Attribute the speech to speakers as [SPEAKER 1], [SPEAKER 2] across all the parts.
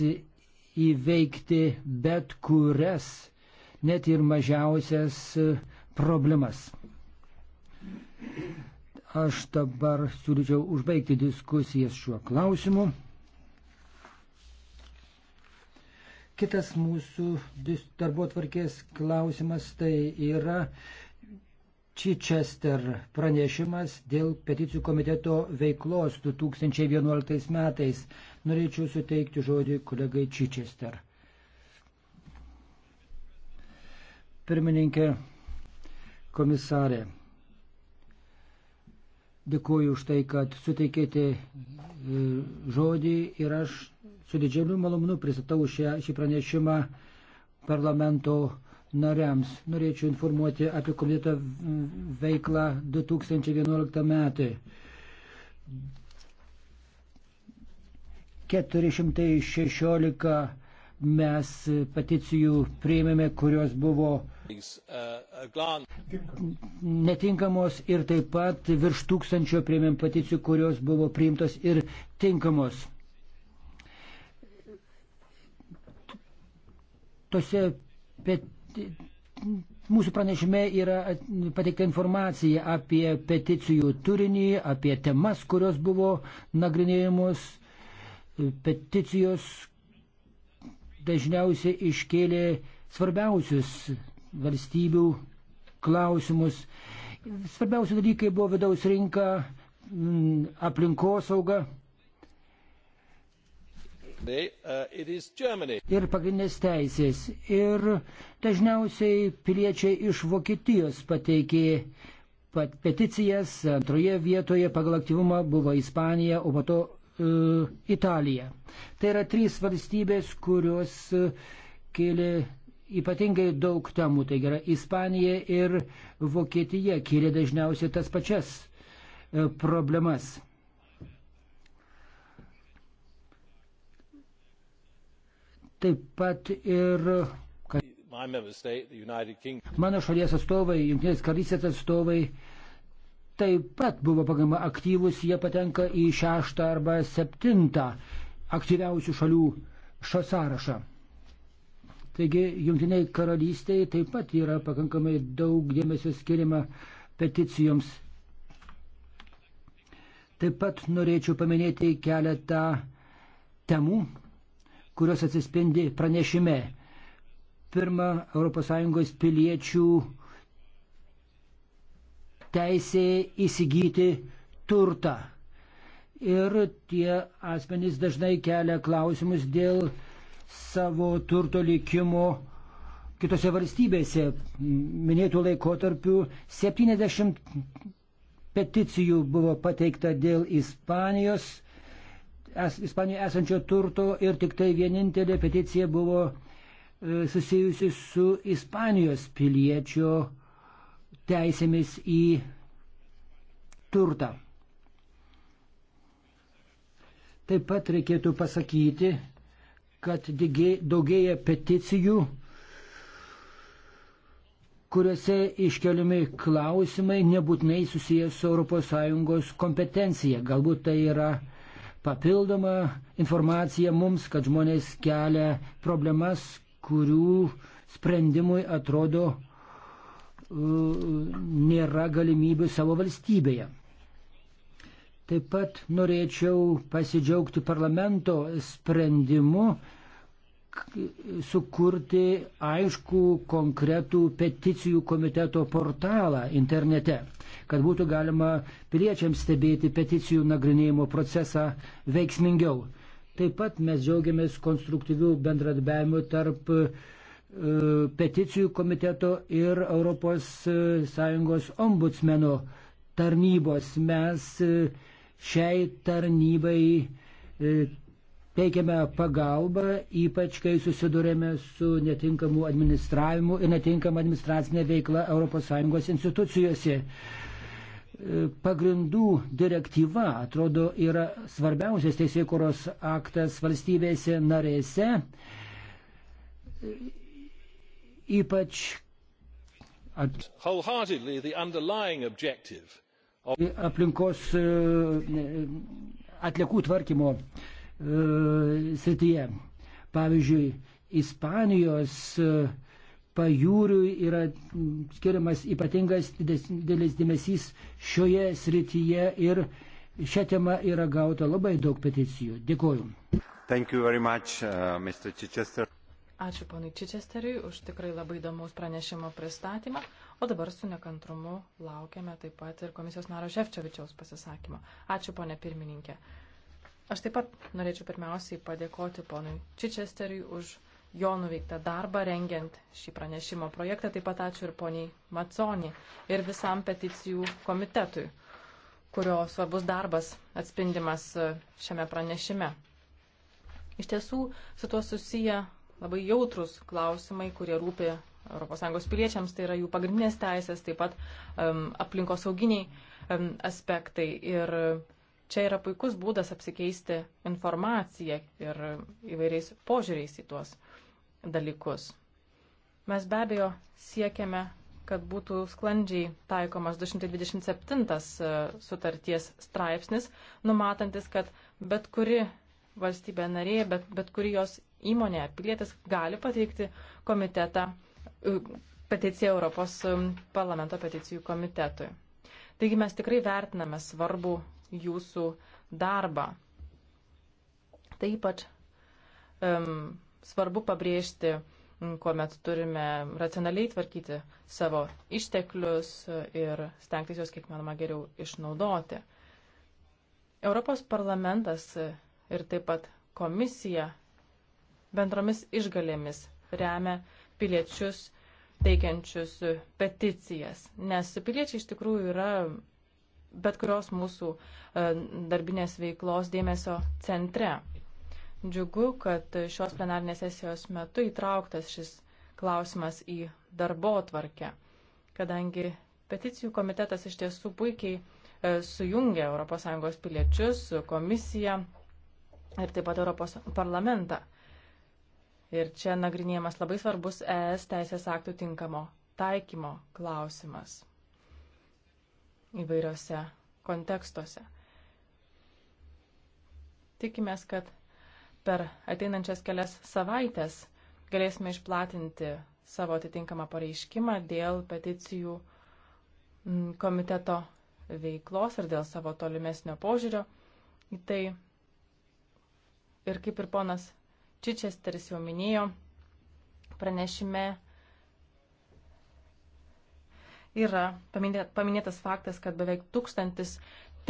[SPEAKER 1] stengiasi įveikti bet kurias, net ir mažiausias e, problemas. Aš dabar siūlyčiau užbaigti diskusijas šiuo klausimu. Kitas mūsų darbo tvarkės klausimas tai yra Chichester pranešimas dėl peticijų komiteto veiklos 2011 metais. Norėčiau suteikti žodį kolegai Čičester. Pirmininkė, komisarė, dėkuoju už tai, kad suteikėte e, žodį ir aš su didžiuliu malonu pristatau šią, šį pranešimą parlamento nariams. Norėčiau informuoti apie komiteto veiklą 2011 metai. 416 mes peticijų priėmėme, kurios buvo netinkamos ir taip pat virš tūkstančio priėmėm peticijų, kurios buvo priimtos ir tinkamos. Tose peti... mūsų pranešime yra pateikta informacija apie peticijų turinį, apie temas, kurios buvo nagrinėjamos Peticijos dažniausiai iškėlė svarbiausius valstybių klausimus. Svarbiausi dalykai buvo vidaus rinka, mm, aplinkosauga.
[SPEAKER 2] Uh,
[SPEAKER 1] Ir pagrindinės teisės. Ir dažniausiai piliečiai iš Vokietijos pateikė pat peticijas. Antroje vietoje pagal aktyvumą buvo Ispanija, o po to E, Italija. Tai yra trys valstybės, kurios e, kėlė ypatingai daug temų, tai yra Ispanija ir Vokietija kėlė dažniausiai tas pačias e, problemas. Taip pat ir mano šalies atstovai, Junktinės karalystės atstovai taip pat buvo pakankamai aktyvus, jie patenka į šeštą arba septintą aktyviausių šalių šio sąrašą. Taigi Junktiniai karalystiai taip pat yra pakankamai daug dėmesio skiriama peticijoms. Taip pat norėčiau paminėti keletą temų, kurios atsispindi pranešime. Pirma, ES piliečių teisė įsigyti turtą. Ir tie asmenys dažnai kelia klausimus dėl savo turto likimo kitose valstybėse. Minėtų laikotarpių 70 peticijų buvo pateikta dėl Ispanijos, es, Ispanijoje esančio turto ir tik tai vienintelė peticija buvo e, susijusi su Ispanijos piliečio teisėmis į turtą. Taip pat reikėtų pasakyti, kad daugėja peticijų, kuriuose iškeliami klausimai nebūtinai susijęs su ES kompetencija. Galbūt tai yra papildoma informacija mums, kad žmonės kelia problemas, kurių sprendimui atrodo Mm, nėra galimybių savo valstybėje. Taip pat norėčiau pasidžiaugti parlamento sprendimu sukurti aišku konkretų peticijų komiteto portalą internete, kad būtų galima piliečiams stebėti peticijų nagrinėjimo procesą veiksmingiau. Taip pat mes džiaugiamės konstruktyvių bendradarbiavimų tarp uh, peticijų komiteto ir ES ombudsmeno tarnybos. Mes e, šiai tarnybai e, teikiame pagalbą, ypač kai susidurėme su netinkamu administravimu ir netinkama administracinė veikla ES institucijose. E, pagrindų direktyva, atrodo, yra svarbiausias teisėkuros aktas valstybėse narėse Ypač at... aplinkos e, e, atliekų tvarkymo e, srityje. Pavyzdžiui, Ispanijos pajūriui yra skiriamas ypatingas didelis dėmesys šioje srityje ir šią temą yra gauta labai daug peticijų. Dėkoju.
[SPEAKER 2] Much, uh,
[SPEAKER 3] Ačiū ponui Čičesteriui už tikrai labai įdomus pranešimo pristatymą, o dabar su nekantrumu laukiame taip pat ir komisijos naro Šefčiovičiaus pasisakymo. Ačiū ponė pirmininkė. Aš taip pat norėčiau pirmiausiai padėkoti ponui Čičesteriui už jo nuveiktą darbą rengiant šį pranešimo projektą. Taip pat ačiū ir poniai Maconi ir visam peticijų komitetui, kurio svarbus darbas atspindimas šiame pranešime. Iš tiesų, su tuo susiję labai jautrus klausimai, kurie rūpi ES piliečiams, tai yra jų pagrindinės teisės, taip pat um, aplinkosauginiai um, aspektai. Ir čia yra puikus būdas apsikeisti informaciją ir įvairiais požiūriais į tuos dalykus. Mes be abejo siekiame, kad būtų sklandžiai taikomas 227 e, sutarties straipsnis, numatantis, kad bet kuri valstybė narė, bet, bet kuri jos įmonė, pilietis gali pateikti komitetą, e, peticiją Europos e, parlamento peticijų komitetui. Taigi mes tikrai vertiname svarbu jūsų darbą. Tai ypač um, svarbu pabrėžti, kuomet turime racionaliai tvarkyti savo išteklius e, ir stengtis juos kiek manoma geriau išnaudoti. Europos parlamentas ir taip pat komisija bendromis išgalėmis remia piliečius teikiančius peticijas, nes piliečiai iš tikrųjų yra bet kurios mūsų e, darbinės veiklos dėmesio centre. Džiugu, kad šios plenarnės sesijos metu įtrauktas šis klausimas į darbo tvarkę, kadangi peticijų komitetas iš tiesų puikiai e, sujungia ES piliečius, komisiją ir taip pat Europos parlamentą. Ir čia nagrinėjamas labai svarbus ES teisės aktų tinkamo taikymo klausimas įvairiose kontekstuose. Tikimės, kad per ateinančias kelias savaitės galėsime išplatinti savo atitinkamą pareiškimą dėl peticijų mm, komiteto veiklos ir dėl savo tolimesnio požiūrio į tai. Ir kaip ir ponas Čičesteris jau minėjo pranešime yra paminėtas faktas, kad beveik tūkstantis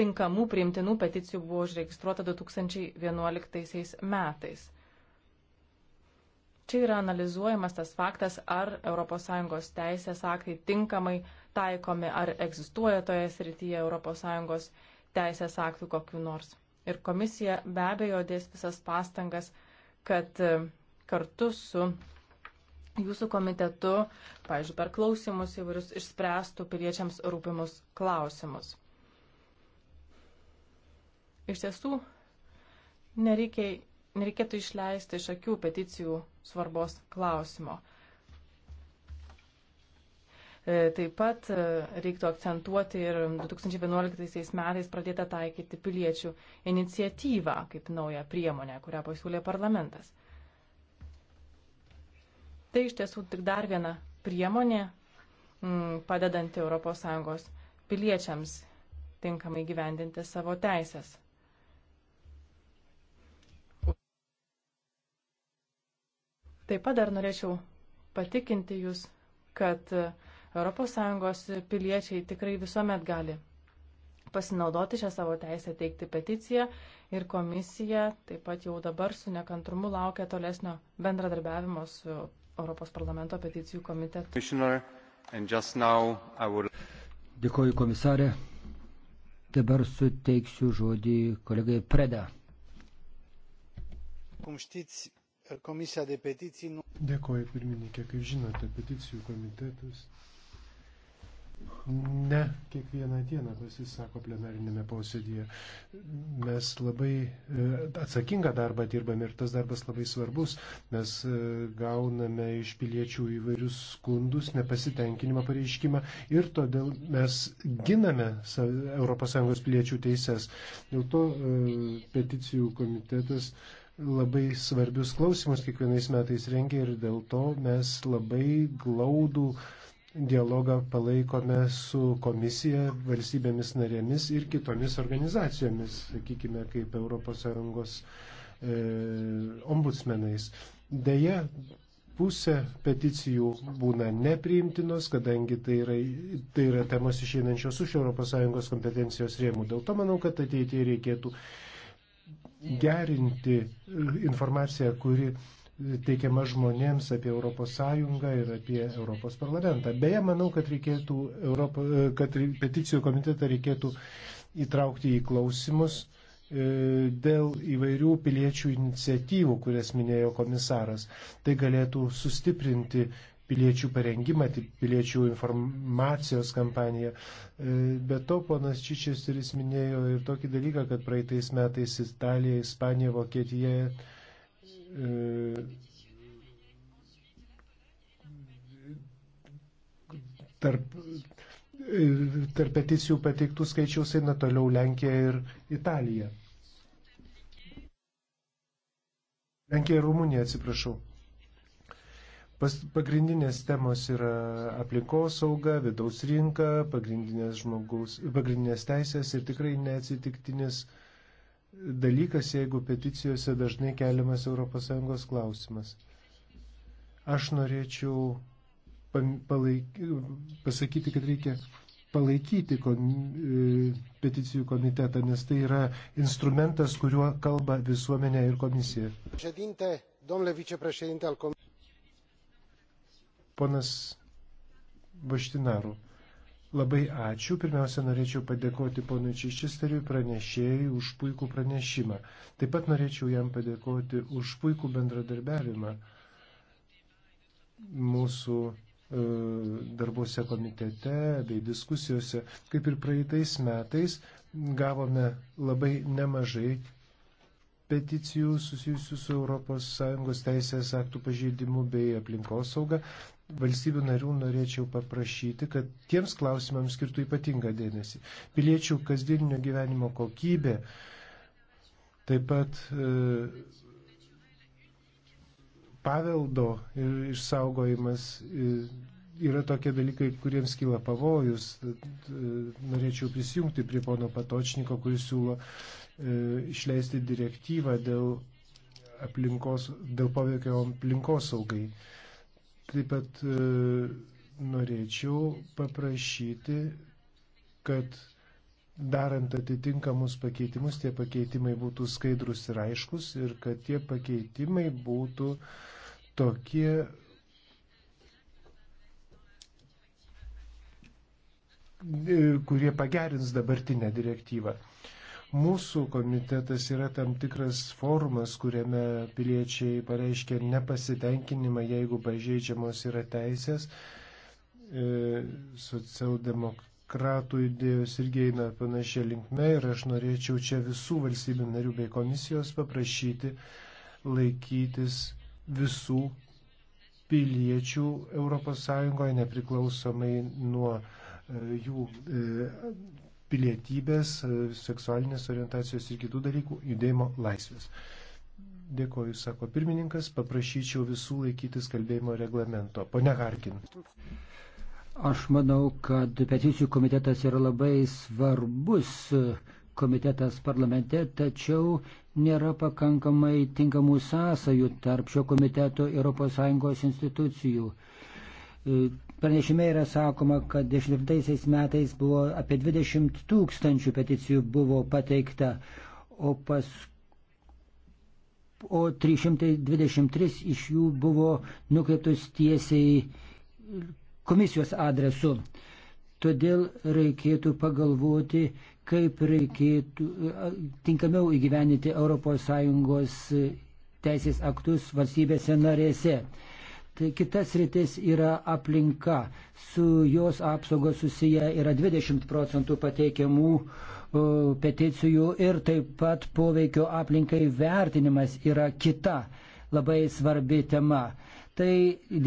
[SPEAKER 3] tinkamų priimtinų peticijų buvo užregistruota 2011 metais. Čia yra analizuojamas tas faktas, ar ES teisės aktai tinkamai taikomi, ar egzistuoja toje srityje ES teisės aktų kokiu nors. Ir komisija be abejo dės visas pastangas, kad e, kartu su jūsų komitetu, pavyzdžiui, per klausimus įvairius išspręstų piliečiams rūpimus klausimus. Iš tiesų, nereikia, nereikėtų išleisti iš akių peticijų svarbos klausimo. E, taip pat e, reiktų akcentuoti ir 2011 metais pradėtą taikyti piliečių iniciatyvą kaip naują priemonę, kurią pasiūlė parlamentas. Tai iš tiesų tik dar viena priemonė padedanti ES piliečiams tinkamai gyvendinti savo teisės. Taip pat dar norėčiau patikinti Jūs, kad uh, ES piliečiai tikrai visuomet gali pasinaudoti šią savo teisę teikti peticiją ir komisija taip pat jau dabar su nekantrumu laukia tolesnio bendradarbiavimo su Europos parlamento peticijų komitetu.
[SPEAKER 1] Dėkoju komisarė. Dabar suteiksiu žodį kolegai Preda.
[SPEAKER 2] Nu- Dėkoju pirmininkė, kaip žinote, peticijų komitetas Ne kiekvieną dieną pasisako plenarinėme posėdėje. Mes labai e, atsakingą darbą dirbame ir tas darbas labai svarbus. Mes e, gauname iš piliečių įvairius skundus, nepasitenkinimą pareiškimą ir todėl mes giname ES piliečių teises. Dėl to e, peticijų komitetas labai svarbius klausimus kiekvienais metais rengia ir dėl to mes labai glaudų uh, dialogą palaikome su komisija, valstybėmis narėmis ir kitomis organizacijomis, sakykime, kaip ES e, ombudsmenais. Deja, pusė peticijų būna nepriimtinos, kadangi tai yra, tai yra temos išeinančios už ES kompetencijos rėmų. Dėl to manau, kad ateityje reikėtų gerinti informaciją, kuri teikiama žmonėms apie Europos Sąjungą ir apie Europos parlamentą. Beje, manau, kad, reikėtų, Europo, kad peticijų komitetą reikėtų įtraukti į klausimus e, dėl įvairių piliečių iniciatyvų, kurias minėjo komisaras. Tai galėtų sustiprinti piliečių parengimą, piliečių informacijos kampaniją. E, be to, ponas Čičesteris minėjo ir tokį dalyką, kad praeitais metais Italija, Ispanija, Vokietija tarp, tarp peticijų pateiktų skaičiaus eina toliau Lenkija ir Italija. Lenkija ir Rumunija, atsiprašau. Pas, pagrindinės temos yra aplinkos sauga, vidaus rinka, pagrindinės, žmogaus, pagrindinės teisės ir tikrai neatsitiktinis uh, dalykas, jeigu peticijose dažnai keliamas ES klausimas. Aš norėčiau palaik... pasakyti, kad reikia palaikyti kon, e, peticijų komitetą, nes tai yra instrumentas, kuriuo kalba visuomenė ir komisija. Ponas Baštinaru. Labai ačiū. Pirmiausia, norėčiau padėkoti ponui Čičisteriui pranešėjui už puikų pranešimą. Taip pat norėčiau jam padėkoti už puikų bendradarbiavimą mūsų e, darbuose komitete bei diskusijose. Kaip ir praeitais metais gavome labai nemažai peticijų susijusių su ES teisės aktų pažeidimu bei aplinkosauga valstybių narių norėčiau paprašyti, kad tiems klausimams skirtų ypatingą dėmesį. Piliečių kasdieninio gyvenimo kokybė, taip pat e, paveldo išsaugojimas e, yra tokie dalykai, kuriems kyla pavojus. E, norėčiau prisijungti prie pono Patočniko, kuris siūlo e, išleisti direktyvą dėl aplinkos, dėl poveikio aplinkosaugai. E, Taip pat e, norėčiau paprašyti, kad darant atitinkamus pakeitimus, tie pakeitimai būtų skaidrus ir aiškus ir kad tie pakeitimai būtų tokie, e, kurie pagerins dabartinę direktyvą. Mūsų komitetas yra tam tikras forumas, kuriame piliečiai pareiškia nepasitenkinimą, jeigu pažeidžiamos yra teisės. E, socialdemokratų idėjos irgi eina panašia linkme ir aš norėčiau čia visų valstybių narių bei komisijos paprašyti laikytis visų piliečių ES nepriklausomai nuo e, jų e, pilietybės, seksualinės orientacijos ir kitų dalykų judėjimo laisvės. Dėkoju, sako pirmininkas, paprašyčiau
[SPEAKER 1] visų laikytis kalbėjimo reglamento. Pone Harkin. Aš manau, kad peticijų komitetas yra labai svarbus komitetas parlamente, tačiau nėra pakankamai tinkamų sąsajų tarp šio komiteto ES institucijų Pranešime yra sakoma, kad 2009 metais buvo apie 20 tūkstančių peticijų buvo pateikta, o, pas, o 323 iš jų buvo nukreiptos tiesiai komisijos adresu. Todėl reikėtų pagalvoti, kaip reikėtų tinkamiau įgyveninti ES teisės aktus valstybėse narėse. Tai kitas rytis yra aplinka. Su jos apsauga susiję yra 20 procentų pateikiamų peticijų ir taip pat poveikio aplinkai vertinimas yra kita labai svarbi tema. Tai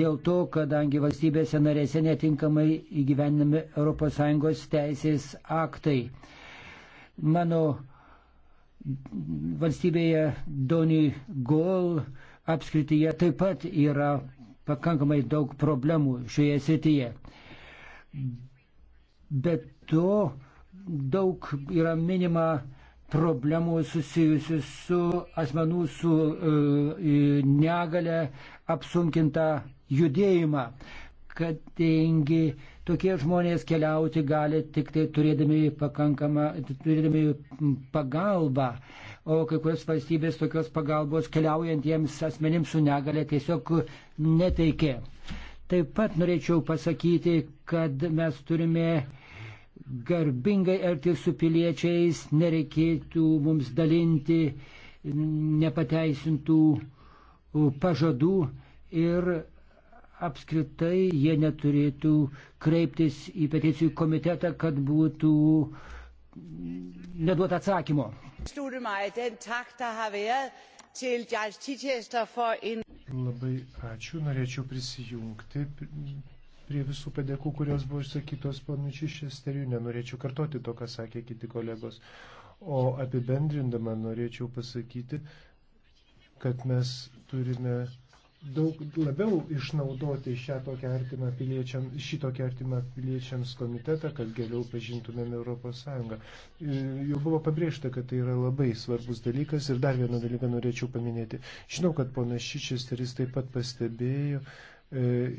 [SPEAKER 1] dėl to, kadangi valstybėse narėse netinkamai įgyvendami ES teisės aktai. Mano valstybėje Doni Gol apskrityje taip pat yra pakankamai daug problemų šioje srityje. Bet to daug yra minima problemų susijusių su asmenų su uh, e, negale apsunkinta judėjimą, kadangi tokie žmonės keliauti gali tik tai turėdami, turėdami pagalbą. Uh, o kai kurios valstybės tokios pagalbos keliaujantiems asmenims su negale tiesiog neteikė. Taip pat norėčiau pasakyti, kad mes turime garbingai elgtis su piliečiais, nereikėtų mums dalinti nepateisintų pažadų ir apskritai jie neturėtų kreiptis į peticijų komitetą, kad būtų uh, neduoda atsakymo.
[SPEAKER 2] Labai ačiū, norėčiau prisijungti prie visų padėkų, kurios buvo išsakytos panašiai šesterių, nenorėčiau kartoti to, ką sakė kiti kolegos. O apibendrindama norėčiau pasakyti, kad mes turime daug labiau išnaudoti šią tokią artimą piliečiam, šitokią artimą piliečiams komitetą, kad geriau pažintumėm Europos Sąjungą. E, jau buvo pabrėžta, kad tai yra labai svarbus dalykas ir dar vieną dalyką norėčiau paminėti. Žinau, kad ponas Šičesteris taip pat pastebėjo. E,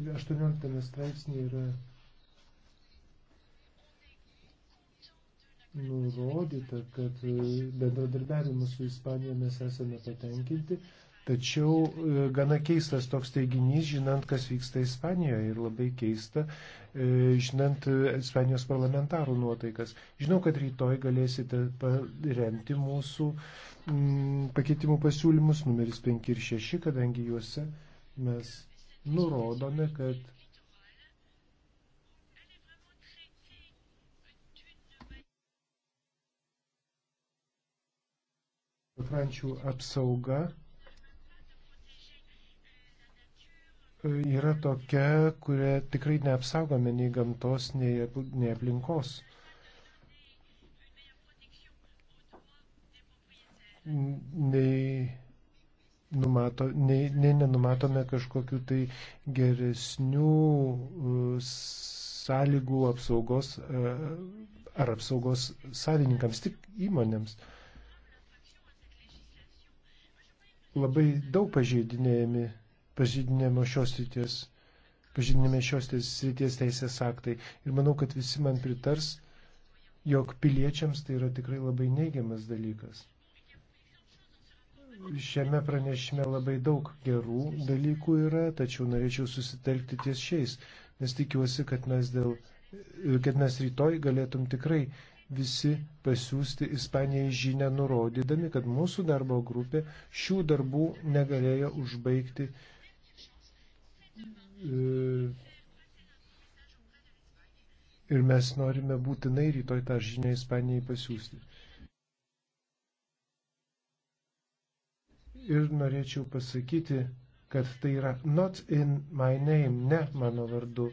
[SPEAKER 2] XVIII straipsnė yra nurodyta, kad e, bendradarbiavimu su Ispanija mes esame patenkinti, tačiau e, gana keistas toks teiginys, žinant, kas vyksta Ispanijoje ir labai keista, e, žinant Ispanijos parlamentarų nuotaikas. Žinau, kad rytoj galėsite paremti mūsų mm, pakeitimų pasiūlymus numeris 5 ir 6, kadangi juose mes nurodome, kad pakrančių apsauga e, yra tokia, kurią tikrai neapsaugome nei gamtos, nei, nei aplinkos. Nei, numato, nei, nei nenumatome kažkokių tai geresnių e, sąlygų apsaugos e, ar apsaugos savininkams, tik įmonėms. labai daug pažeidinėjami, pažeidinėjami šios ryties, pažeidinėjami šios ryties teisės aktai. Ir manau, kad visi man pritars, jog piliečiams tai yra tikrai labai neigiamas dalykas. Šiame pranešime labai daug gerų dalykų yra, tačiau norėčiau susitelkti ties šiais, nes tikiuosi, kad mes, dėl, kad mes rytoj galėtum tikrai uh, visi pasiūsti Ispanijai žinę, nurodydami, kad mūsų darbo grupė šių darbų negalėjo užbaigti e, ir mes norime būtinai rytoj tą žinę Ispanijai pasiūsti. Ir norėčiau pasakyti, kad tai yra not in my name, ne mano vardu. Uh,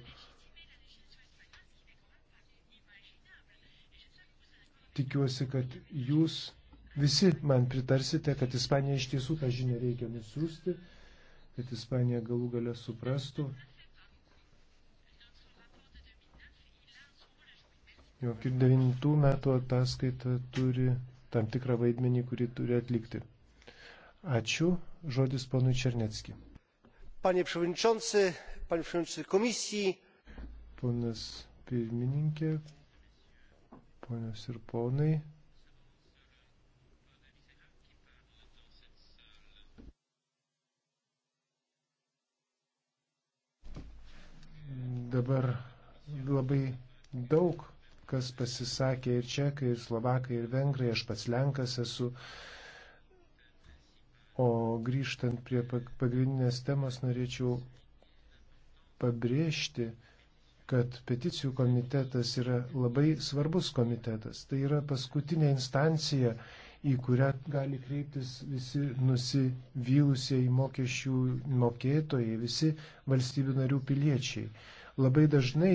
[SPEAKER 2] tikiuosi, kad jūs visi man pritarsite, kad Ispanija iš tiesų tą žinią reikia nusiųsti, kad Ispanija galų galę suprastų, jog ir 9 metų ataskaita turi tam tikrą vaidmenį, kurį turi atlikti. Ačiū. Žodis ponui Černecki.
[SPEAKER 1] Panie Przewodniczący, Panie Przewodniczący Komisijai.
[SPEAKER 2] Ponas pirmininkė, ponios ir ponai. Dabar labai daug kas pasisakė ir čekai, ir slovakai, ir vengrai, aš pats lenkas esu. O grįžtant prie pagrindinės temos, norėčiau pabrėžti, kad peticijų komitetas yra labai svarbus komitetas. Tai yra paskutinė instancija, į kurią gali kreiptis visi nusivylusieji mokesčių mokėtojai, visi valstybių narių piliečiai. Labai dažnai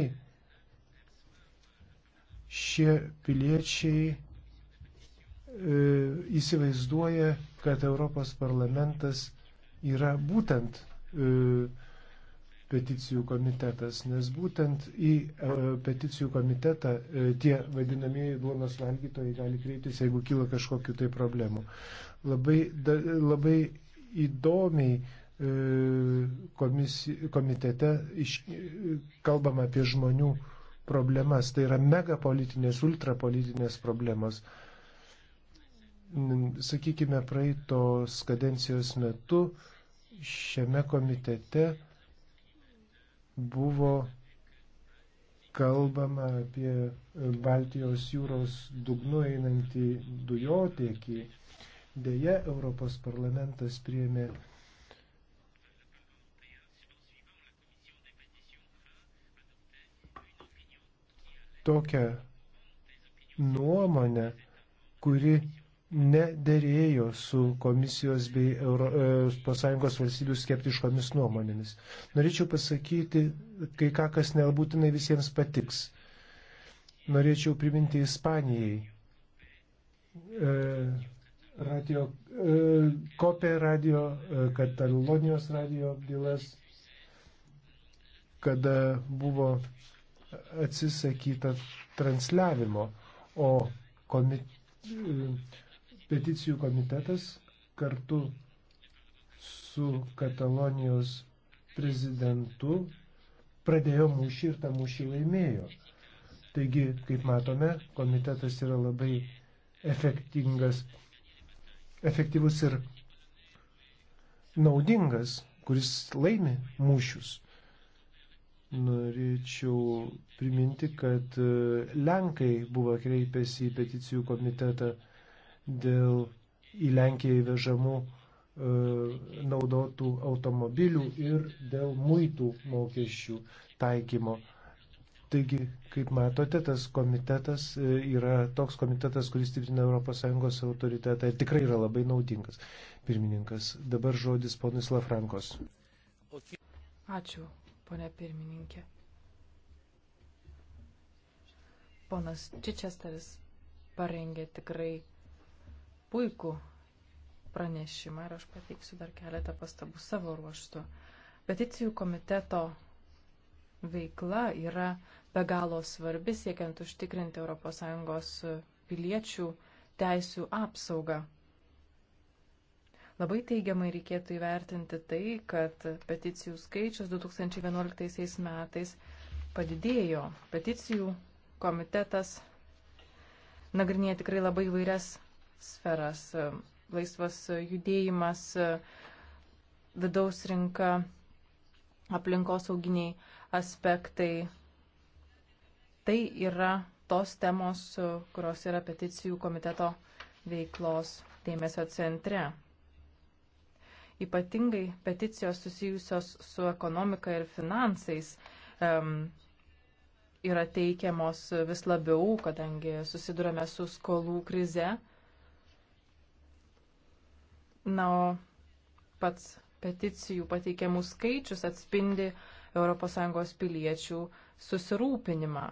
[SPEAKER 2] šie piliečiai e, įsivaizduoja, kad Europos parlamentas yra būtent e, peticijų komitetas, nes būtent į e, peticijų komitetą e, tie vadinamieji duonos valgytojai gali kreiptis, jeigu kyla kažkokiu tai problemu. Labai, da, labai įdomiai e, komisi, komitete iš, kalbama apie žmonių problemas. Tai yra megapolitinės, ultrapolitinės problemos. Sakykime, praeitos kadencijos metu šiame komitete buvo kalbama apie Baltijos jūros dugnu einantį dujotiekį. Deja, Europos parlamentas priėmė tokią nuomonę, kuri nederėjo su komisijos bei ES e, valstybių skeptiškomis nuomonėmis. Norėčiau pasakyti, kai ką, kas nebūtinai visiems patiks. Norėčiau priminti Ispanijai. E, radio, e, Kopė radio, e, Katalonijos radio bylas, kada buvo atsisakyta transliavimo, o komitetas peticijų komitetas kartu su Katalonijos prezidentu pradėjo mūšį ir tą mūšį laimėjo. Taigi, kaip matome, komitetas yra labai efektingas, efektyvus ir naudingas, kuris laimi mūšius. Norėčiau priminti, kad e, Lenkai buvo kreipęsi į peticijų komitetą dėl į Lenkiją įvežamų e, naudotų automobilių ir dėl muitų mokesčių taikymo. Taigi, kaip matote, tas komitetas e, yra toks komitetas, kuris stiprina ES autoritetą ir tikrai yra labai naudingas. Pirmininkas, dabar žodis ponui Slafrankos.
[SPEAKER 3] Ačiū, ponė pirmininkė. Ponas Čičesteris parengė tikrai puikų pranešimą ir aš pateiksiu dar keletą pastabų savo ruoštų. Peticijų komiteto veikla yra be galo svarbi siekiant užtikrinti ES piliečių teisių apsaugą. Labai teigiamai reikėtų įvertinti tai, kad peticijų skaičius 2011 metais padidėjo. Peticijų komitetas nagrinėja tikrai labai vairias sferas. E, laisvas judėjimas, e, vidaus rinka, aplinkosauginiai aspektai. Tai yra tos temos, e, kurios yra peticijų komiteto veiklos dėmesio centre. Ypatingai peticijos susijusios su ekonomika ir finansais um, yra teikiamos vis labiau, kadangi susidurame su skolų krize Na, o pats peticijų pateikiamų skaičius atspindi ES piliečių susirūpinimą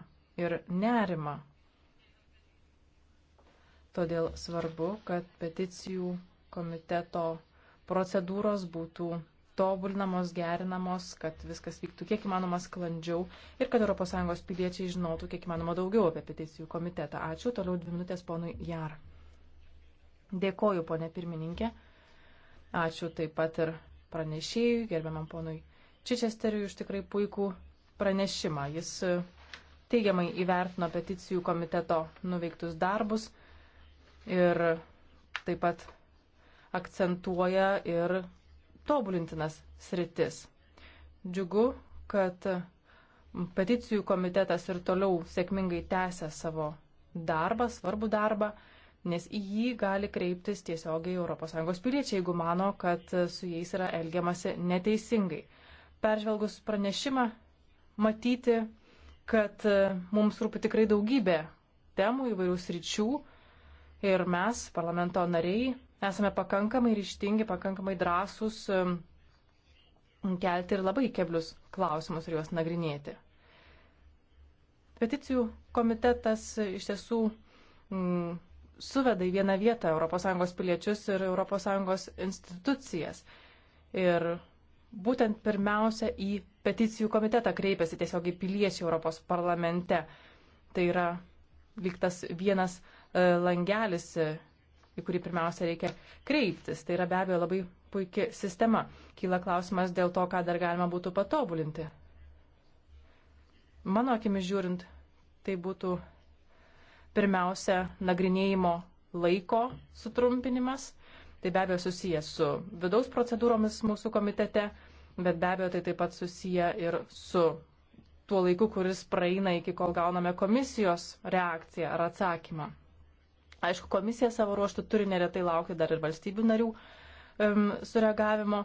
[SPEAKER 3] ir nerimą. Todėl svarbu, kad peticijų komiteto procedūros būtų tobulinamos, gerinamos, kad viskas vyktų kiek įmanoma sklandžiau ir kad ES piliečiai žinotų kiek įmanoma daugiau apie peticijų komitetą. Ačiū. Toliau dvi minutės ponui Jar. Dėkoju, ponė pirmininkė. Ačiū taip pat ir pranešėjui, gerbiamam ponui Čičesteriui, už tikrai puikų pranešimą. Jis e, teigiamai įvertino peticijų komiteto nuveiktus darbus ir taip pat akcentuoja ir tobulintinas sritis. Džiugu, kad peticijų komitetas ir toliau sėkmingai tęsia savo darbą, svarbų darbą nes į jį gali kreiptis tiesiogiai ES piliečiai, jeigu mano, kad su jais yra elgiamasi neteisingai. Peržvelgus pranešimą, matyti, kad e, mums rūpi tikrai daugybė temų įvairių sričių ir mes, parlamento nariai, esame pakankamai ryštingi, pakankamai drąsūs e, kelti ir labai keblius klausimus ir juos nagrinėti. Peticijų komitetas iš tiesų mm, suveda į vieną vietą ES piliečius ir ES institucijas. Ir būtent pirmiausia į peticijų komitetą kreipiasi tiesiog į piliečių Europos parlamente. Tai yra vyktas vienas e, langelis, e, į kurį pirmiausia reikia kreiptis. Tai yra be abejo labai puikia sistema. Kyla klausimas dėl to, ką dar galima būtų patobulinti. Mano akimi žiūrint, tai būtų Pirmiausia, nagrinėjimo laiko sutrumpinimas. Tai be abejo susijęs su vidaus procedūromis mūsų komitete, bet be abejo tai taip pat susiję ir su tuo laiku, kuris praeina iki kol gauname komisijos reakciją ar atsakymą. Aišku, komisija savo ruoštų turi neretai laukti dar ir valstybių narių um, sureagavimo.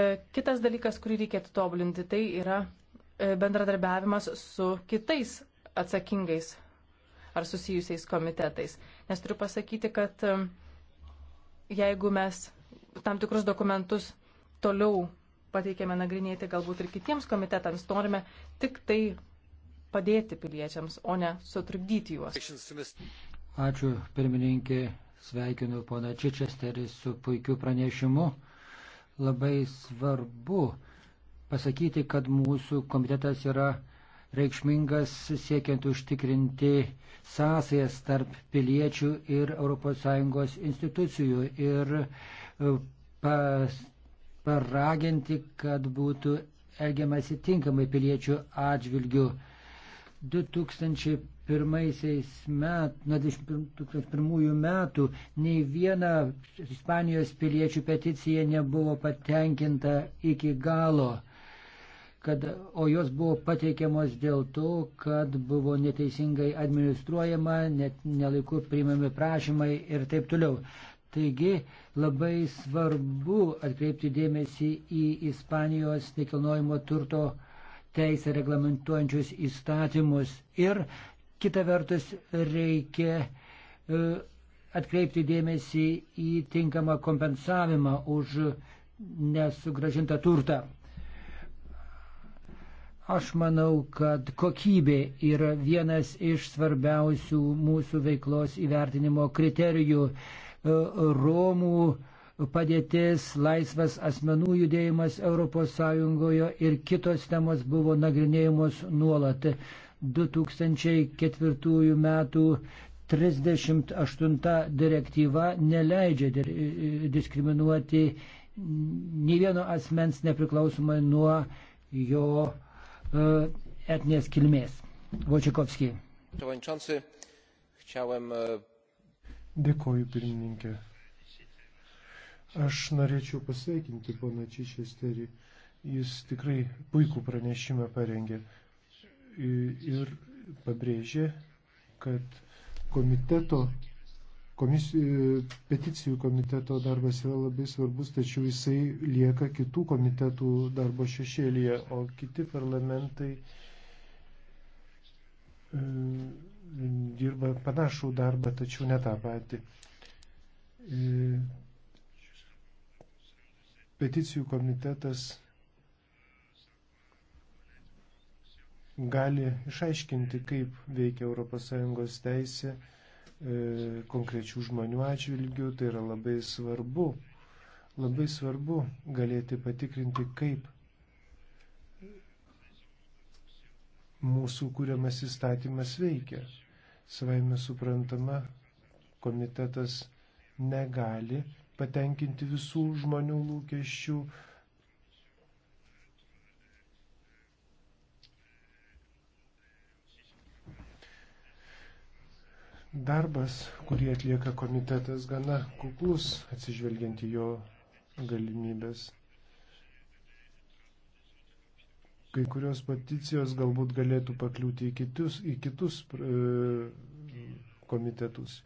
[SPEAKER 3] E, kitas dalykas, kurį reikėtų tobulinti, tai yra e, bendradarbiavimas su kitais atsakingais ar susijusiais komitetais. Nes turiu pasakyti, kad um, jeigu mes tam tikrus dokumentus toliau pateikėme nagrinėti galbūt ir kitiems komitetams, norime tik tai padėti piliečiams, o ne sutrukdyti juos.
[SPEAKER 1] Ačiū, pirmininkė, sveikinu poną Čičesterį su puikiu pranešimu. Labai svarbu pasakyti, kad mūsų komitetas yra reikšmingas siekiant užtikrinti sąsajas tarp piliečių ir ES institucijų ir e, pas, paraginti, kad būtų elgiamasi tinkamai piliečių atžvilgių. 2001 met, nuo 2001 metų nei viena Ispanijos piliečių peticija nebuvo patenkinta iki galo kad, o jos buvo pateikiamos dėl to, kad buvo neteisingai administruojama, net nelaiku priimami prašymai ir taip toliau. Taigi labai svarbu atkreipti dėmesį į Ispanijos nekilnojimo turto teisę reglamentuojančius įstatymus ir kita vertus reikia e, atkreipti dėmesį į tinkamą kompensavimą už nesugražintą turtą. Aš manau, kad kokybė yra vienas iš svarbiausių mūsų veiklos įvertinimo kriterijų. E, Romų padėtis, laisvas asmenų judėjimas ES ir kitos temos buvo nagrinėjamos nuolat. 2004 m. 38 direktyva neleidžia diskriminuoti nei vieno asmens nepriklausomai nuo jo E, etnės kilmės. Vočikovskiai. E, Dėkoju, pirmininkė. Aš
[SPEAKER 2] norėčiau pasveikinti poną Čičesterį. Jis tikrai puikų pranešimą parengė ir pabrėžė, kad komiteto Komisijų, peticijų komiteto darbas yra labai svarbus, tačiau jisai lieka kitų komitetų darbo šešėlyje, o kiti parlamentai e, dirba panašų darbą, tačiau ne tą patį. E, peticijų komitetas gali išaiškinti, kaip veikia ES teisė E, konkrečių žmonių atžvilgių, tai yra labai svarbu. Labai svarbu galėti patikrinti, kaip mūsų kūriamas įstatymas veikia. Savaime suprantama, komitetas negali patenkinti visų žmonių lūkesčių, Darbas, kurį atlieka komitetas, gana kuklus atsižvelgiant į jo galimybės. Kai kurios peticijos galbūt galėtų pakliūti į kitus, į kitus e, komitetus.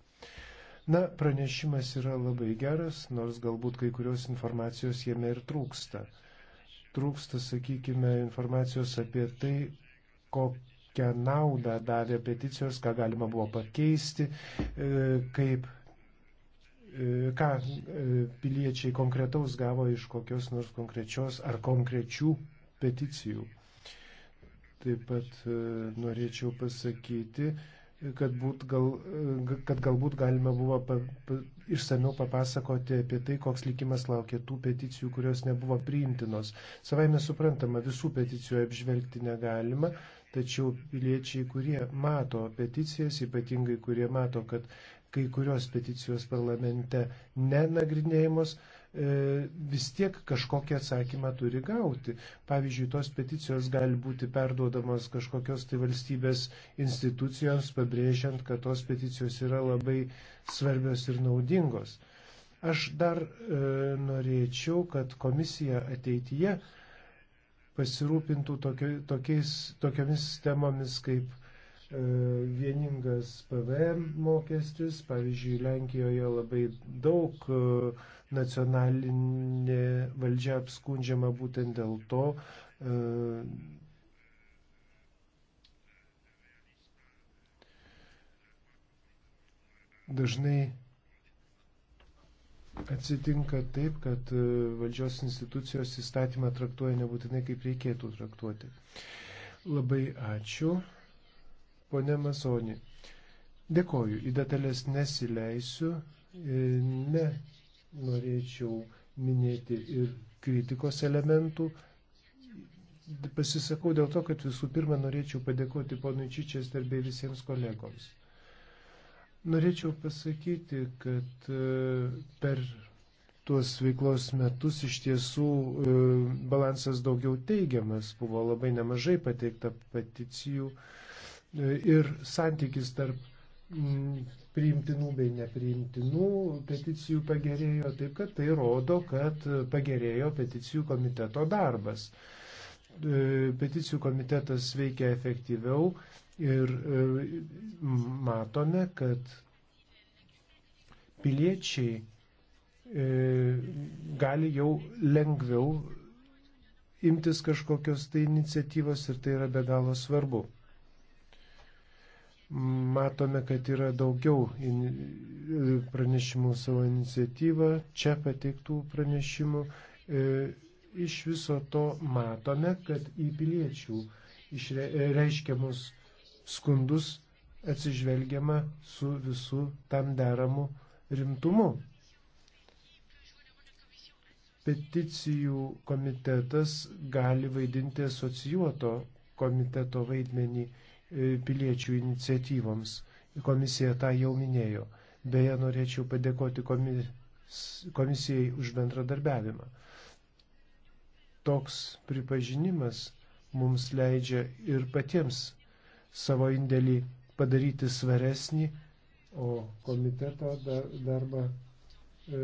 [SPEAKER 2] Na, pranešimas yra labai geras, nors galbūt kai kurios informacijos jame ir trūksta. Trūksta, sakykime, informacijos apie tai, kokia kokią naudą davė peticijos, ką galima buvo pakeisti, e, kaip, e, ką e, piliečiai konkretaus gavo iš kokios nors konkrečios ar konkrečių peticijų. Taip pat norėčiau pasakyti, kad, būt, gal, kad galbūt galima buvo pa, pa, išsamiau papasakoti apie tai, koks likimas laukia tų peticijų, kurios nebuvo priimtinos. Savai mes suprantama, visų peticijų apžvelgti negalima, Tačiau piliečiai, kurie mato peticijas, ypatingai kurie mato, kad kai kurios peticijos parlamente nenagrinėjimos, e, vis tiek kažkokį atsakymą turi gauti. Pavyzdžiui, tos peticijos gali būti perduodamos kažkokios tai valstybės institucijoms, pabrėžiant, kad tos peticijos yra labai svarbios ir naudingos. Aš dar e, norėčiau, kad komisija ateityje e, pasirūpintų tokio, tokiais, tokiamis temomis kaip e, vieningas PVM mokestis. Pavyzdžiui, Lenkijoje labai daug e, nacionalinė valdžia apskundžiama būtent dėl to. E, dažnai atsitinka taip, kad e, valdžios institucijos įstatymą traktuoja nebūtinai kaip reikėtų traktuoti. Labai ačiū, ponė Masonė. Dėkoju, į detalės nesileisiu, e, ne norėčiau minėti ir kritikos elementų. Pasisakau dėl to, kad visų pirma norėčiau padėkoti ponui Čičester bei visiems kolegoms. Norėčiau pasakyti, kad e, per tuos veiklos metus iš tiesų e, balansas daugiau teigiamas, buvo labai nemažai pateikta peticijų e, ir santykis tarp priimtinų bei nepriimtinų peticijų pagerėjo, taip kad tai rodo, kad pagerėjo peticijų komiteto darbas. Peticijų komitetas veikia efektyviau, Ir e, matome, kad piliečiai e, gali jau lengviau imtis kažkokios tai iniciatyvos ir tai yra be galo svarbu. Matome, kad yra daugiau e, pranešimų savo iniciatyvą, čia pateiktų pranešimų. Iš viso to matome, kad į piliečių reiškiamus skundus atsižvelgiama su visų tam deramu rimtumu. Peticijų komitetas gali vaidinti asocijuoto komiteto vaidmenį e, piliečių iniciatyvoms. Komisija tą jau minėjo. Beje, norėčiau padėkoti komisijai už bendradarbiavimą. Toks pripažinimas mums leidžia ir patiems savo indėlį padaryti svaresnį, o komiteto darbą e,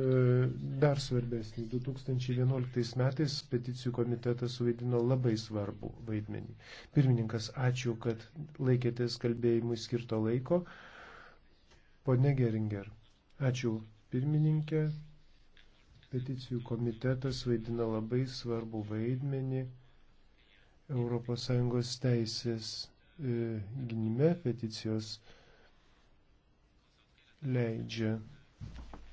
[SPEAKER 2] dar svarbesnį. 2011 metais peticijų komitetas suvaidino labai svarbu vaidmenį. Pirmininkas, ačiū, kad laikėtės kalbėjimui skirto laiko. Pone Geringer, ačiū pirmininkė. Peticijų komitetas vaidina labai svarbu vaidmenį ES teisės E, gynime peticijos leidžia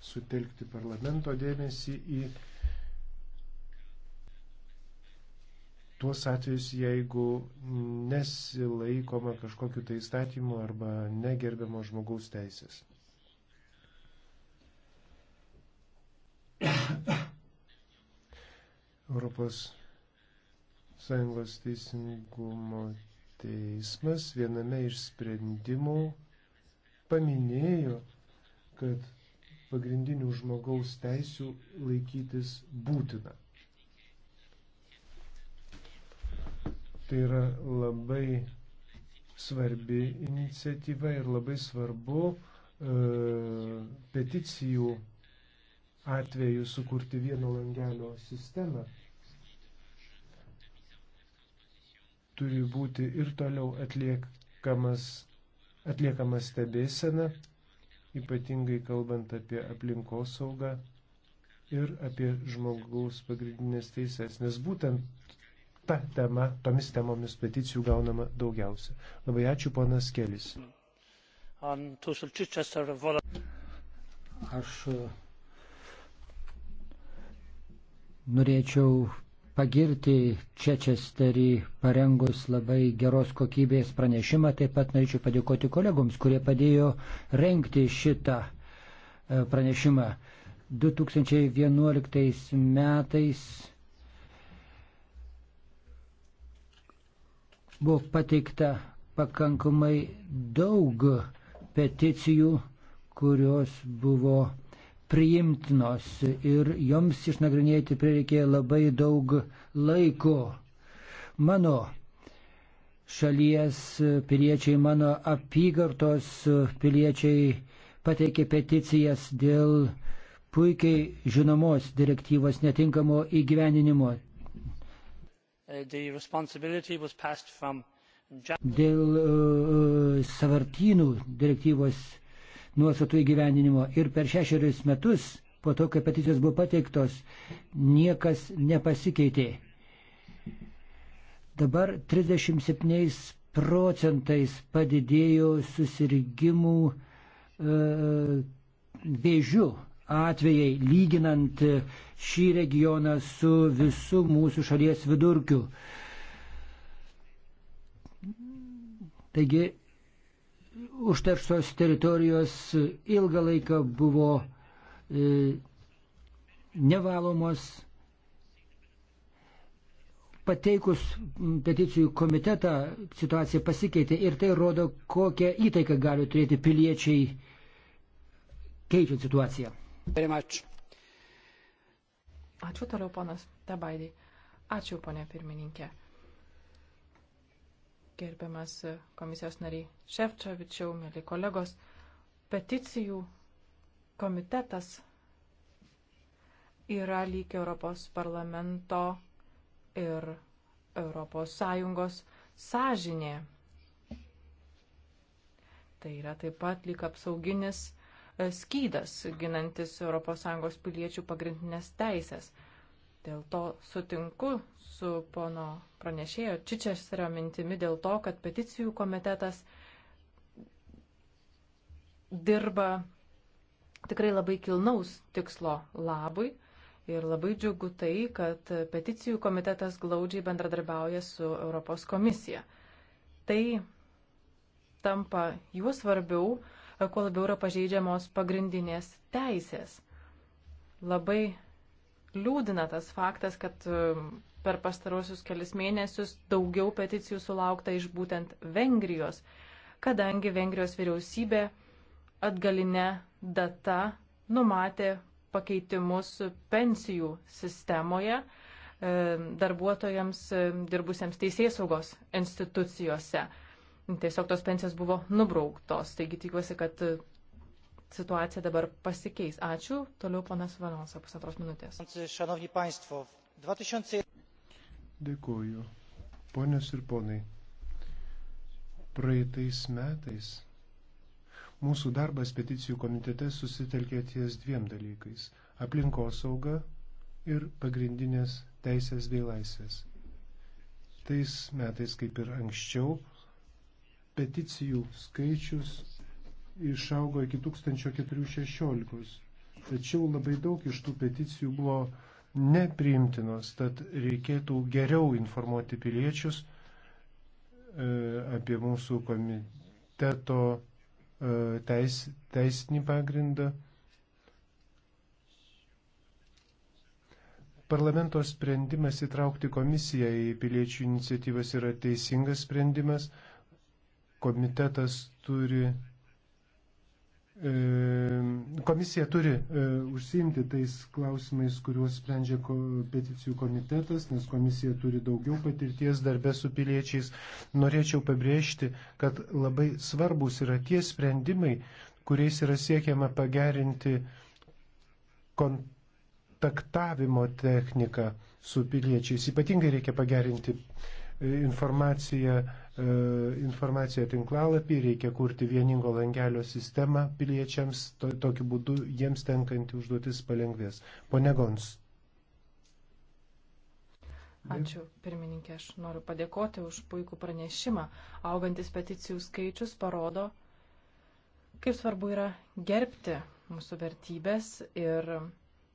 [SPEAKER 2] sutelkti parlamento dėmesį į tuos atvejus, jeigu nesilaikoma kažkokiu tai įstatymu arba negerbiamo žmogaus teisės. Europos Sąjungos teisingumo teismas viename iš sprendimų paminėjo, kad pagrindinių žmogaus teisių laikytis būtina. Tai yra labai svarbi iniciatyva ir labai svarbu e, peticijų atveju sukurti vieno langelio sistemą. turi būti ir toliau atliekamas, atliekamas stebėsena, ypatingai kalbant apie aplinkosaugą ir apie žmogaus pagrindinės teises, nes būtent ta tema, tomis temomis peticijų gaunama daugiausia. Labai ačiū, ponas Kelis.
[SPEAKER 1] Aš norėčiau pagirti Čečesterį parengus labai geros kokybės pranešimą. Taip pat norėčiau padėkoti kolegoms, kurie padėjo renkti šitą e, pranešimą. 2011 metais buvo pateikta pakankamai daug peticijų, kurios buvo priimtinos ir joms išnagrinėti prireikė labai daug laiko. Mano šalies piliečiai, mano apygartos piliečiai pateikė peticijas dėl puikiai žinomos direktyvos netinkamo įgyveninimo. Dėl uh, uh, savartynų direktyvos nuostatų įgyvendinimo ir per šešerius metus po to, kai peticijos buvo pateiktos, niekas nepasikeitė. Dabar 37 procentais padidėjo susirgymų e, vėžių atvejai, lyginant šį regioną su visu mūsų šalies vidurkiu. Taigi užterštos teritorijos ilgą laiką buvo e, nevalomos. Pateikus peticijų komitetą situacija pasikeitė ir tai rodo, kokią įtaiką gali turėti piliečiai keičiant situaciją.
[SPEAKER 3] Ačiū toliau, ponas Tabaidai. Ačiū, ponė pirmininkė gerbiamas komisijos nariai Šefčiovičiau, mėly kolegos, peticijų komitetas yra lyg Europos parlamento ir Europos Sąjungos sąžinė. Tai yra taip pat lyg apsauginis e, skydas, ginantis ES piliečių pagrindinės teisės. Dėl to sutinku su pono pranešėjo Čičesterio mintimi dėl to, kad peticijų komitetas dirba tikrai labai kilnaus tikslo labui. Ir labai džiugu tai, kad peticijų komitetas glaudžiai bendradarbiauja su Europos komisija. Tai tampa juo svarbiau, kuo labiau yra pažeidžiamos pagrindinės teisės. Labai liūdina tas faktas, kad um, per pastarosius kelis mėnesius daugiau peticijų sulaukta iš būtent Vengrijos, kadangi Vengrijos vyriausybė atgalinę datą numatė pakeitimus pensijų sistemoje um, darbuotojams um, dirbusiems teisėsaugos institucijose. Tiesiog tos pensijos buvo nubrauktos, taigi tikiuosi, kad situacija dabar pasikeis. Ačiū. Toliau ponas Valonsa, pusantros minutės.
[SPEAKER 2] Dėkuoju. Ponios ir ponai, praeitais metais mūsų darbas peticijų komitete susitelkė ties dviem dalykais - aplinkosauga ir pagrindinės teisės bei laisvės. Tais metais, kaip ir anksčiau, peticijų skaičius išaugo iki 1416. Tačiau labai daug iš tų peticijų buvo nepriimtinos, tad reikėtų geriau informuoti piliečius e, apie mūsų komiteto e, teis, teisinį pagrindą. Parlamento sprendimas įtraukti komisiją į piliečių iniciatyvas yra teisingas sprendimas. Komitetas turi E, komisija turi e, užsiimti tais klausimais, kuriuos sprendžia peticijų komitetas, nes komisija turi daugiau patirties darbę su piliečiais. Norėčiau pabrėžti, kad labai svarbus yra tie sprendimai, kuriais yra siekiama pagerinti kontaktavimo techniką su piliečiais. Ypatingai reikia pagerinti informaciją, e, informaciją tinklalapį, reikia kurti vieningo langelio sistemą piliečiams, to, tokiu būdu jiems tenkanti užduotis palengvės. Pone Gons.
[SPEAKER 3] Ačiū, pirmininkė, aš noriu padėkoti už puikų pranešimą. Augantis peticijų skaičius parodo, kaip svarbu yra gerbti mūsų vertybės ir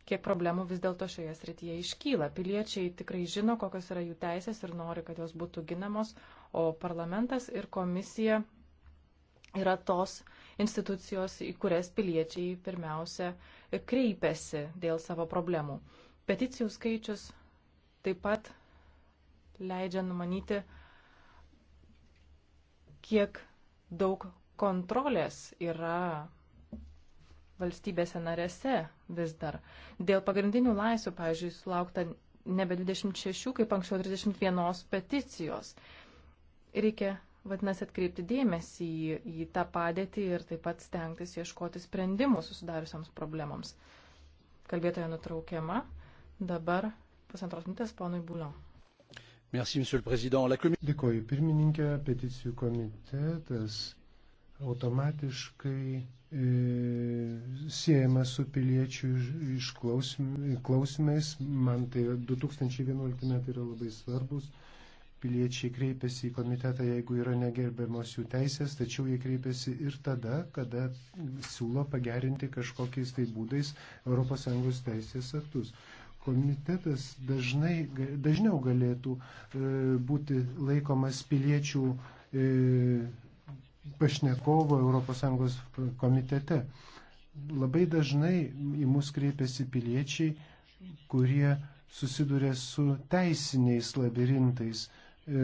[SPEAKER 3] kiek problemų vis dėlto šioje srityje iškyla. Piliečiai tikrai žino, kokios yra jų teisės ir nori, kad jos būtų ginamos, o parlamentas ir komisija yra tos institucijos, į kurias piliečiai pirmiausia kreipiasi dėl savo problemų. Peticijų skaičius taip pat leidžia numanyti, kiek daug kontrolės yra valstybėse narėse vis dar. Dėl pagrindinių laisvių, pavyzdžiui, sulaukta nebe 26, kaip anksčiau 31 peticijos. Reikia, vadinasi, atkreipti dėmesį į, į tą padėtį ir taip pat stengtis ieškoti sprendimų susidariusiams problemams. Kalbėtoja nutraukiama. Dabar pusantros minutės ponui Bulio.
[SPEAKER 2] Merci, monsieur le président. La comi... Dėkoju, pirmininkė, peticijų komitetas automatiškai E, siejama su piliečių išklausimais. Man tai 2011 metai yra labai svarbus. Piliečiai kreipiasi į komitetą, jeigu yra negerbiamos jų teisės, tačiau jie kreipiasi ir tada, kada siūlo pagerinti kažkokiais tai būdais ES teisės aktus. Komitetas dažnai, dažniau galėtų e, būti laikomas piliečių e, pašnekovo ES komitete. Labai dažnai į mus kreipiasi piliečiai, kurie susiduria su teisiniais labirintais. E,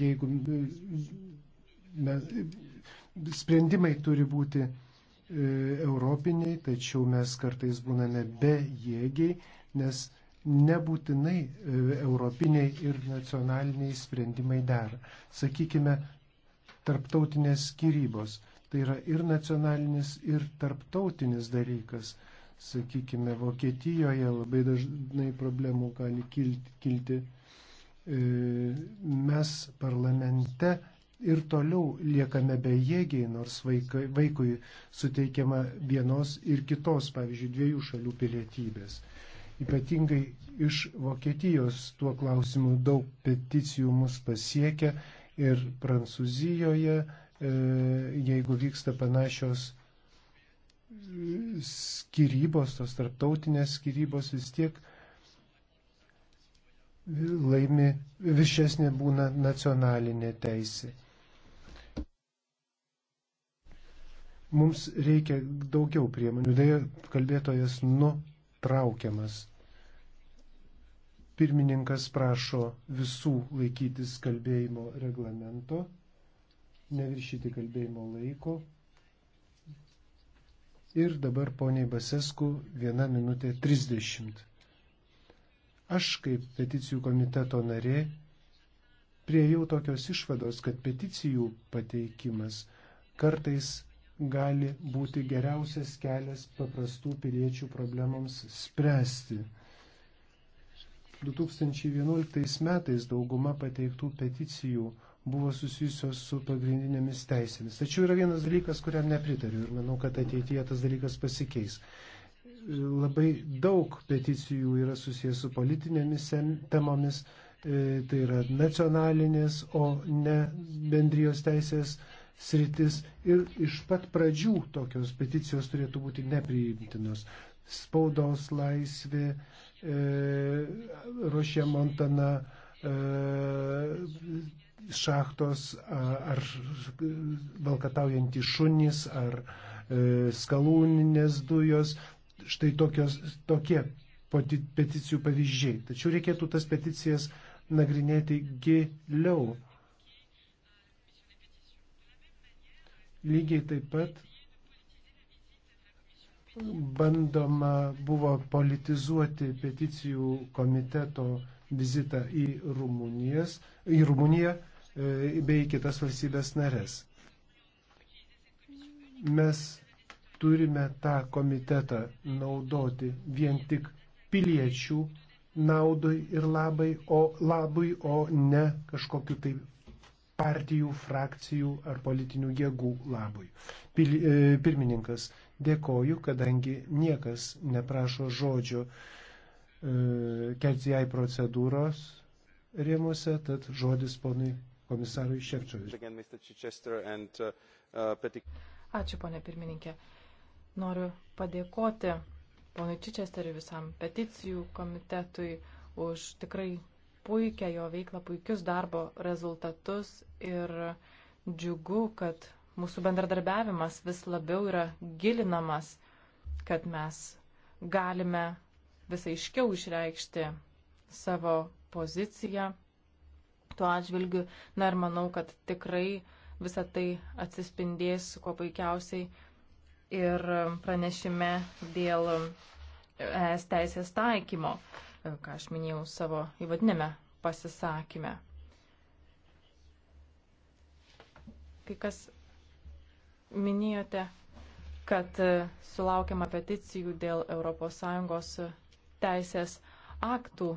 [SPEAKER 2] jeigu mes, sprendimai turi būti e, europiniai, tačiau mes kartais būname bejėgiai, nes nebūtinai e, europiniai ir nacionaliniai sprendimai dera. Sakykime, tarptautinės skirybos. Tai yra ir nacionalinis, ir tarptautinis dalykas. Sakykime, Vokietijoje labai dažnai problemų gali kilti. E, mes parlamente ir toliau liekame bejėgiai, nors vaikai, vaikui suteikiama vienos ir kitos, pavyzdžiui, dviejų šalių pilietybės. Ypatingai iš Vokietijos tuo klausimu daug peticijų mus pasiekia ir Prancūzijoje, e, jeigu vyksta panašios skirybos, tos tarptautinės skirybos vis tiek laimi viršesnė būna nacionalinė teisė. Mums reikia daugiau priemonių. Deja, kalbėtojas nutraukiamas. Pirmininkas prašo visų laikytis kalbėjimo reglamento, neviršyti kalbėjimo laiko. Ir dabar poniai Basesku 1 minutė 30. Aš kaip peticijų komiteto narė prieėjau tokios išvados, kad peticijų pateikimas kartais gali būti geriausias kelias paprastų piliečių problemams spręsti. 2011 metais dauguma pateiktų peticijų buvo susijusios su pagrindinėmis teisėmis. Tačiau yra vienas dalykas, kuriam nepritariu ir manau, kad ateityje tas dalykas pasikeis. Labai daug peticijų yra susijęs su politinėmis temomis, e, tai yra nacionalinės, o ne bendrijos teisės sritis ir iš pat pradžių tokios peticijos turėtų būti nepriimtinos. Spaudos laisvė, E, Rošė Montana e, šachtos ar valkataujantys šunys ar e, skalūninės dujos. Štai tokios, tokie peticijų pavyzdžiai. Tačiau reikėtų tas peticijas nagrinėti giliau. Lygiai taip pat bandoma buvo politizuoti peticijų komiteto vizitą į, Rumunijas, į Rumuniją e, bei kitas valstybės narės. Mes turime tą komitetą naudoti vien tik piliečių naudai ir labai, o, labai, o ne kažkokiu tai partijų, frakcijų ar politinių jėgų labui. Pil, e, pirmininkas Dėkoju, kadangi niekas neprašo žodžio e, kelcijai procedūros rėmose, tad žodis ponui komisarui Šepčiovičiui.
[SPEAKER 3] Uh, uh, Ačiū, ponė pirmininkė. Noriu padėkoti ponui Čičesteriu visam peticijų komitetui už tikrai puikią jo veiklą, puikius darbo rezultatus ir džiugu, kad mūsų bendradarbiavimas vis labiau yra gilinamas, kad mes galime visai iškiau išreikšti savo poziciją tuo atžvilgiu. Na ir manau, kad tikrai visą tai atsispindės kuo puikiausiai ir pranešime dėl ES teisės taikymo, ką aš minėjau savo įvadinėme pasisakyme. Kai kas minėjote, kad e, sulaukiama peticijų dėl ES e, teisės aktų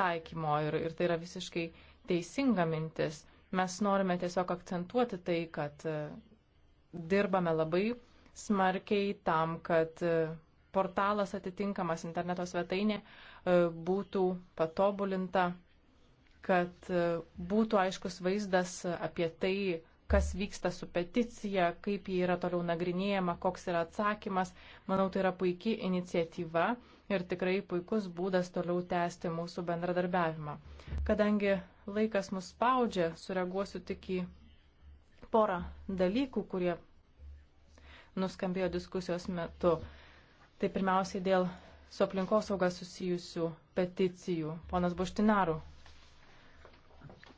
[SPEAKER 3] taikymo ir, ir tai yra visiškai teisinga mintis. Mes norime tiesiog akcentuoti tai, kad e, dirbame labai smarkiai tam, kad portalas atitinkamas interneto svetainė būtų patobulinta, kad būtų aiškus vaizdas apie tai, kas vyksta su peticija, kaip ji yra toliau nagrinėjama, koks yra atsakymas. Manau, tai yra puikiai iniciatyva ir tikrai puikus būdas toliau tęsti mūsų bendradarbiavimą. Kadangi laikas mus spaudžia, sureaguosiu tik į porą dalykų, kurie nuskambėjo diskusijos metu. Tai pirmiausiai dėl su aplinkosauga susijusių peticijų. Ponas Buštinaru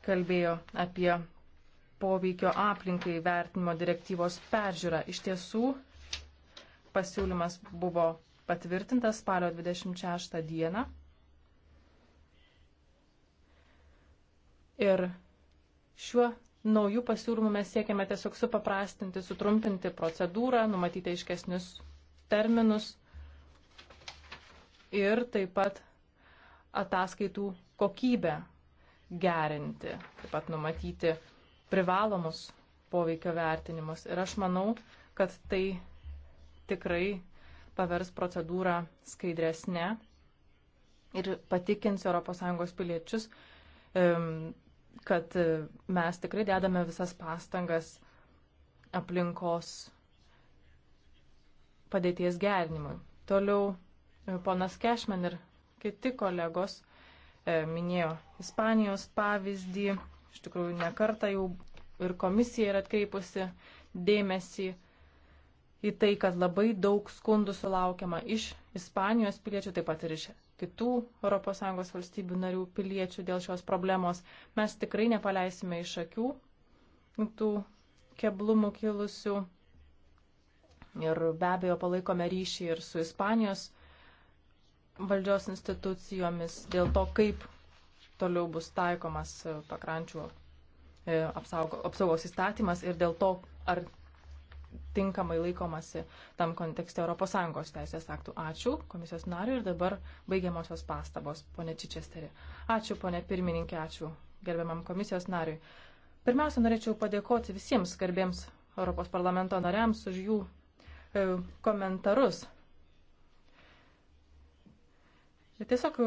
[SPEAKER 3] kalbėjo apie poveikio aplinkai vertinimo direktyvos peržiūra. Iš tiesų, pasiūlymas buvo patvirtintas spalio 26 dieną. Ir šiuo nauju pasiūlymu mes siekiame tiesiog supaprastinti, sutrumpinti procedūrą, numatyti aiškesnius terminus ir taip pat ataskaitų kokybę gerinti, taip pat numatyti privalomus poveikio vertinimus. Ir aš manau, kad tai tikrai pavers procedūrą skaidresnė ir patikins ES piliečius, kad e, mes tikrai dedame visas pastangas aplinkos padėties gerinimui. Toliau e, ponas Kešmen ir kiti kolegos e, minėjo Ispanijos pavyzdį, Iš tikrųjų, nekarta jau ir komisija yra atkreipusi dėmesį į tai, kad labai daug skundų sulaukiama iš Ispanijos piliečių, taip pat ir iš kitų ES valstybių narių piliečių dėl šios problemos. Mes tikrai nepaleisime iš akių tų keblumų kilusių ir be abejo palaikome ryšį ir su Ispanijos valdžios institucijomis dėl to, kaip toliau bus taikomas e, pakrančių e, apsaugo, apsaugos įstatymas ir dėl to, ar tinkamai laikomasi tam kontekste ES teisės aktų. Ačiū komisijos nariui ir dabar baigiamosios pastabos, ponė Čičesteri. Ačiū, ponė pirmininkė, ačiū gerbiamam komisijos nariui. Pirmiausia, norėčiau padėkoti visiems garbėms Europos parlamento nariams už jų e, komentarus. Ir tiesiog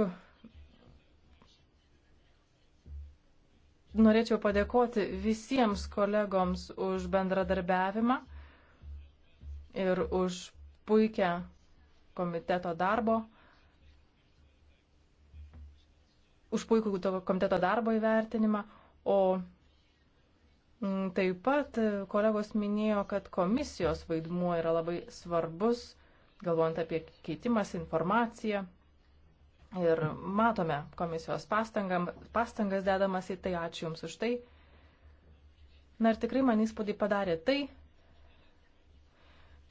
[SPEAKER 3] norėčiau padėkoti visiems kolegoms už bendradarbiavimą ir už puikią komiteto darbo, už puikų komiteto darbo įvertinimą, o mm, Taip pat kolegos minėjo, kad komisijos vaidmuo yra labai svarbus, galvojant apie keitimas informaciją Ir matome komisijos pastangas dedamas į tai, ačiū Jums už tai. Na ir tikrai man įspūdį padarė tai,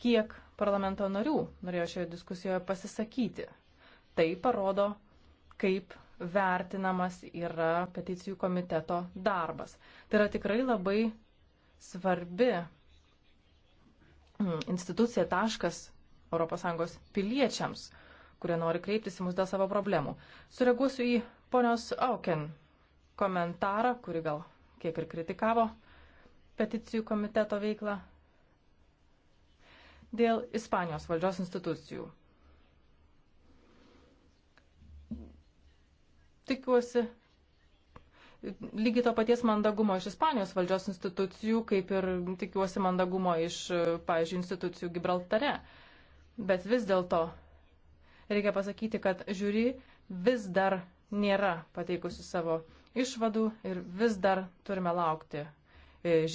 [SPEAKER 3] kiek parlamento narių norėjo šioje diskusijoje pasisakyti. Tai parodo, kaip vertinamas yra peticijų komiteto darbas. Tai yra tikrai labai svarbi mm, institucija taškas ES piliečiams, kurie nori kreiptis į mus dėl savo problemų. Sureaguosiu į ponios Auken komentarą, kuri gal kiek ir kritikavo peticijų komiteto veiklą dėl Ispanijos valdžios institucijų. Tikiuosi lygiai to paties mandagumo iš Ispanijos valdžios institucijų, kaip ir tikiuosi mandagumo iš, pavyzdžiui, institucijų Gibraltare. Bet vis dėlto Reikia pasakyti, kad žiūri vis dar nėra pateikusi savo išvadų ir vis dar turime laukti e,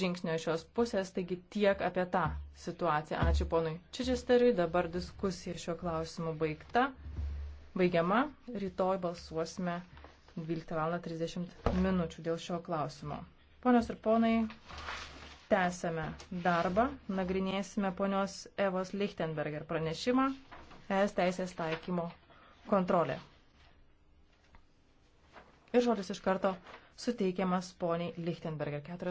[SPEAKER 3] žingsnio iš šios pusės, taigi tiek apie tą situaciją. Ačiū ponui Čičesteriui, dabar diskusija šiuo klausimu baigta, baigiama, rytoj balsuosime 12.30 minučių dėl šio klausimo. Ponios ir ponai, tęsėme darbą, nagrinėsime ponios Evos Lichtenberger pranešimą. ES teisės taikymo kontrolė. Ir žodis iš karto suteikiamas poniai Lichtenberger. Keturios